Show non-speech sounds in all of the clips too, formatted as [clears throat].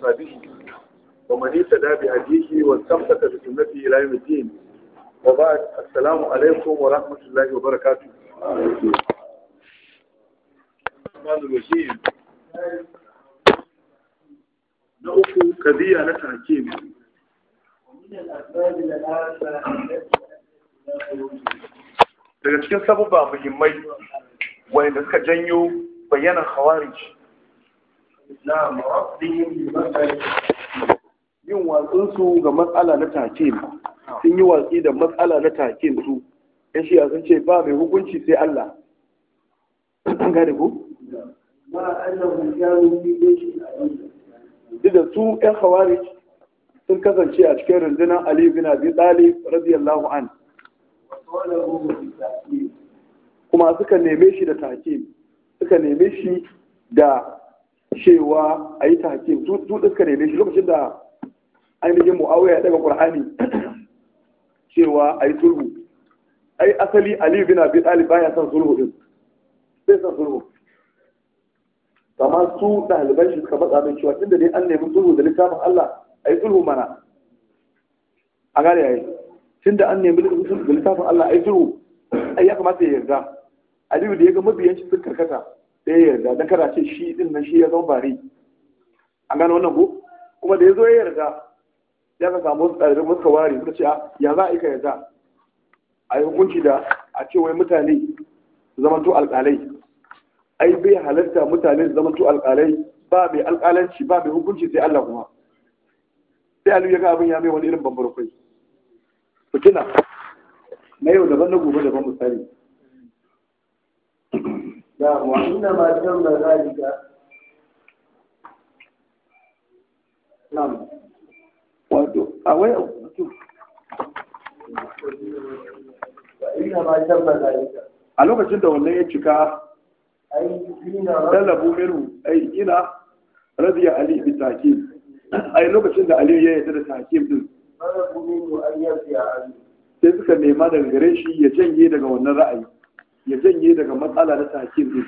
أصحابه ومن اهتدى بهديه واستمسك بسنته إلى يوم الدين وبعد السلام عليكم ورحمة الله وبركاته الرحمن الرحيم نأخو كذية نتحكيم daga cikin sabubba muhimmai wanda suka janyo bayanan khawarij islam rabbihim yin watsin su ga matsala na takin sun yi watsi da matsala na takin su ya shi sun ce ba mai hukunci sai Allah an gari ku ma annahu kanu shi a duk da su yan khawarij sun kasance a cikin rundunar Ali bin Abi Talib radiyallahu an kuma suka neme shi da takin suka neme shi da cewa a yi tahkim su suka ne shi lokacin da ainihin mu'awiya ya daga qur'ani [clears throat] cewa a yi sulhu ai asali aliyu bin abi talib ya san sulhu ɗin sai san sulhu Kamar su ɗaliban shi suka matsa mai cewa inda dai an nemi sulhu da littafin Allah a yi sulhu mana a gane yayi tunda an nemi da littafin Allah a yi sulhu ai ya kamata ya yarda aliyu da ya ga mabiyan shi sun karkata sai ya yarda don kada ce shi din nan shi ya zama bare an gano wannan ko kuma da ya zo ya yarda ya ka samu wasu ɗalibai suka ware suka ce ah, ya za a yi ka yarda a yi hukunci da a ce wai mutane su zama to alƙalai ai bai halatta mutane su zama to alƙalai ba mai alƙalanci ba mai hukunci sai Allah kuma sai Aliyu ya ga abin ya mai wani irin bambar kai kina. na yau daban na gobe daban misali a lokacin da wannan ya cika dalabu minu ai ina radiya ali bi takim ai lokacin da Aliyu ya yarda da takim din sai suka nema daga gare shi ya janye daga wannan ra'ayi ya janye daga matsala na tahkim din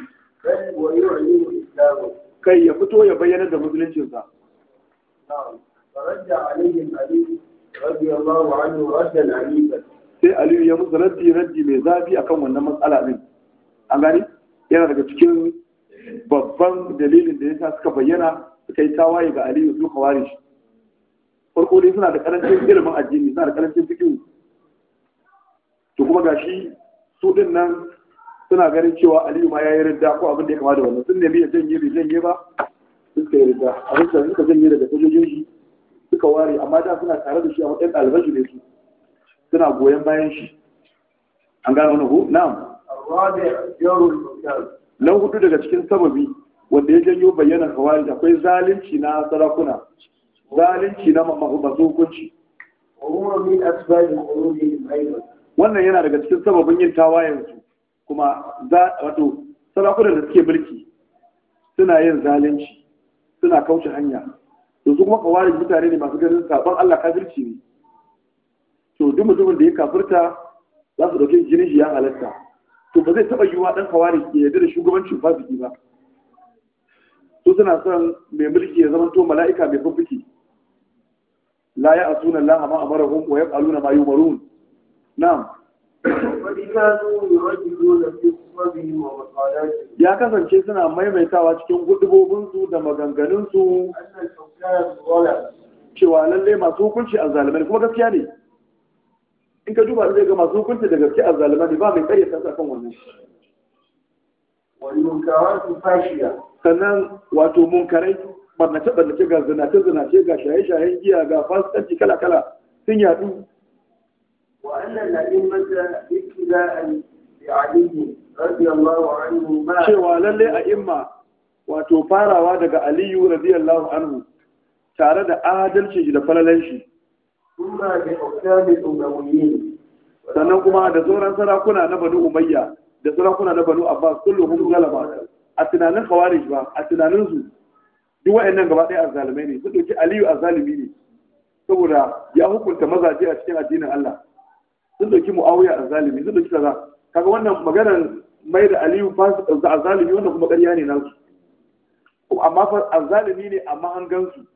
kai ya fito ya bayyana da sa sai aliyu ya musu raddi raddi mai zafi akan wannan matsala din an gani yana daga cikin babban dalilin da ya suka bayyana suka yi tawaye ga aliyu su kawari shi farko dai suna da karancin girman addini suna da karancin fikin to kuma gashi su din nan suna ganin cewa aliyu ma ya yi ridda ko abin da ya kama da wannan sun nemi ya janye bai janye ba suka yi ridda abin da suka janye daga sojojin shi suka ware amma da suna tare da shi a matsayin ɗaliban shi ne su suna goyon bayan shi an gano wani hudu na'am nan hudu daga cikin sababi wanda ya janyo bayyana kawai akwai zalunci na sarakuna zalunci na masu hukunci wannan yana daga cikin sababin yin tawayensu kuma za wato sarakuna da suke mulki suna yin zalunci suna kauce hanya yanzu kuma kawarin mutane ne masu ganin sabon Allah kafirci ne to duk mutumin da ya kafirta za su dauke jinin shi ya halatta to ba zai taba yiwa dan kawari ke yarda da shugabancin fasiki ba su suna son mai mulki ya zama to mala'ika mai fufuki la ya asuna Allah ma amarahum wa yaqaluna ma yumarun na'am ya kasance suna maimaitawa cikin gudubobinsu da maganganunsu cewa lallai masu hukunci a zalimai kuma gaskiya ne in ka duba zai ga masu hukunci da gaske a zalimai ne ba mai karya sansa kan wannan sannan wato munkarai barnace barnace ga zinace zinace ga shaye shayen giya ga fasikanci kala kala sun yadu cewa lalle a imma wato farawa daga Aliyu radiyallahu anhu tare da adalci da falalen shi sannan kuma da sauran sarakuna na Banu Umayya da sarakuna na Banu Abbas kulluhum galaba. a tunanin Khawarij ba a tunanin su duk nan gaba ɗaya azzalumai ne su ɗauki Aliyu azzalumi ne saboda ya hukunta mazaje a cikin addinin Allah sun dauki muawiya a zalimi sun dauki kaza kaga wannan maganar mai da aliyu fasik a zalimi wannan kuma ƙarya ne nasu amma fa a zalimi ne amma an gansu